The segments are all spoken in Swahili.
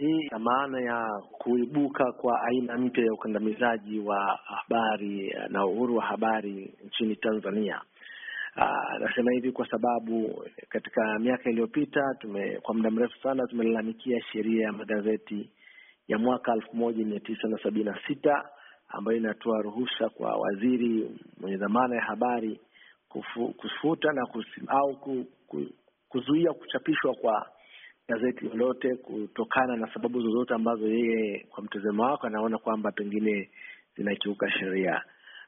hii ina maana ya kuibuka kwa aina mpya ya ukandamizaji wa habari eh, na uhuru wa habari nchini Tanzania. Ah, nasema hivi kwa sababu katika miaka iliyopita tume- kwa muda mrefu sana tumelalamikia sheria ya magazeti ya mwaka elfu moja mia tisa na sabini na sita ambayo inatoa ruhusa kwa waziri mwenye dhamana ya habari kufu, kufuta na kusim, au ku, ku, kuzuia kuchapishwa kwa gazeti lolote kutokana na sababu zozote ambazo yeye kwa mtazamo wako anaona kwamba pengine zinakiuka sheria.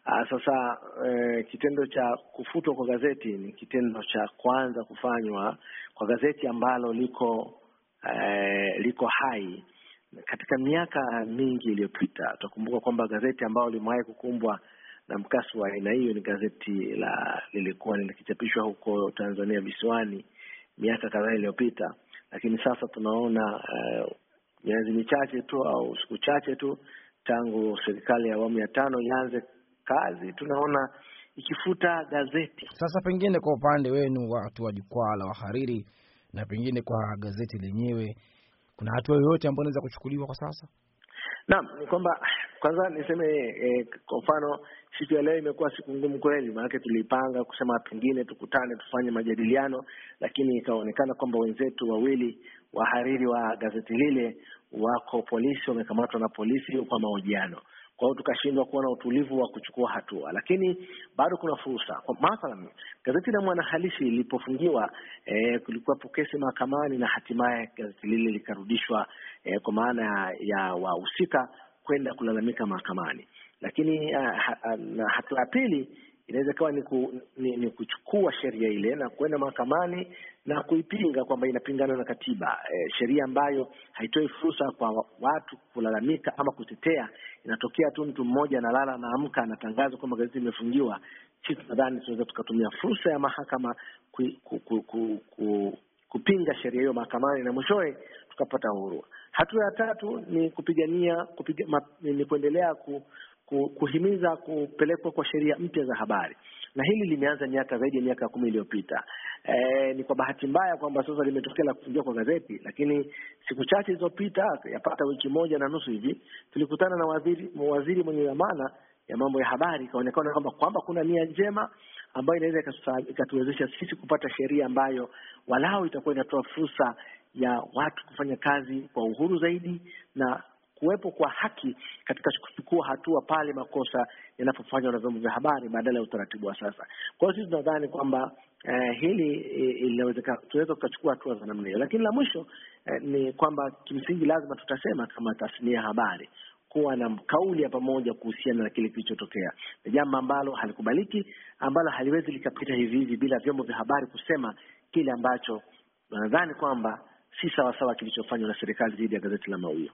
Ah, sasa e, kitendo cha kufutwa kwa gazeti ni kitendo cha kwanza kufanywa kwa gazeti ambalo liko e, liko hai katika miaka mingi iliyopita. Utakumbuka kwamba gazeti ambalo limewahi kukumbwa na mkasi wa aina hiyo ni gazeti la lilikuwa likichapishwa huko Tanzania visiwani miaka kadhaa iliyopita, lakini sasa tunaona uh, michache tu au siku chache tu tangu serikali ya awamu ya tano ianze kazi, tunaona ikifuta gazeti. Sasa pengine kwa upande wenu watu wa jukwaa la wahariri na pengine kwa gazeti lenyewe, kuna hatua yoyote ambayo inaweza kuchukuliwa kwa sasa? Naam, ni kwamba kwanza niseme eh, kwa mfano siku ya leo imekuwa siku ngumu kweli, maanake tulipanga kusema pengine tukutane tufanye majadiliano, lakini ikaonekana kwamba wenzetu wawili wahariri wa gazeti lile wako polisi, wamekamatwa na polisi kwa mahojiano. Kwa hiyo tukashindwa kuwa na utulivu wa kuchukua hatua, lakini bado kuna fursa. Kwa mathalan, gazeti la Mwanahalisi lilipofungiwa, e, eh, kulikuwapo kesi mahakamani na hatimaye gazeti lile likarudishwa, e, kwa maana ya wahusika kwenda kulalamika mahakamani. Lakini eh, hatua ya pili inaweza ikawa ni, ku, ni, ni kuchukua sheria ile na kwenda mahakamani na kuipinga kwamba inapingana na katiba, e, sheria ambayo haitoi fursa kwa watu kulalamika ama kutetea inatokea tu mtu mmoja analala, anaamka, anatangaza kwamba gazeti imefungiwa sisi nadhani tunaweza tukatumia fursa ya mahakama ku, ku, ku, ku, ku, kupinga sheria hiyo mahakamani na mwishowe tukapata uhuru. Hatua ya tatu ni kupigania kupiga, ma, ni kuendelea ku, ku, kuhimiza kupelekwa kwa sheria mpya za habari na hili limeanza miaka zaidi ya miaka kumi iliyopita. E, ni kwa bahati mbaya kwamba sasa limetokea la kufungiwa kwa gazeti, lakini siku chache ilizopita yapata wiki moja na nusu hivi, tulikutana na waziri, waziri mwenye dhamana ya mambo ya habari, ikaonekana kwamba kwamba kuna nia njema ambayo inaweza ikatuwezesha sisi kupata sheria ambayo walau itakuwa inatoa fursa ya watu kufanya kazi kwa uhuru zaidi na kuwepo kwa haki katika kuchukua hatua pale makosa yanapofanywa na vyombo vya habari badala ya utaratibu wa sasa. Kwa hiyo sisi tunadhani kwamba eh, hili eh, linawezekana, tunaweza tukachukua hatua za namna hiyo. Lakini la mwisho eh, ni kwamba kimsingi lazima tutasema kama tasnia ya habari kuwa na kauli ya pamoja kuhusiana na kile kilichotokea. Ni jambo ambalo halikubaliki, ambalo haliwezi likapita hivi hivi bila vyombo vya habari kusema kile ambacho wanadhani kwamba si sawasawa kilichofanywa na serikali dhidi ya gazeti la Mawio.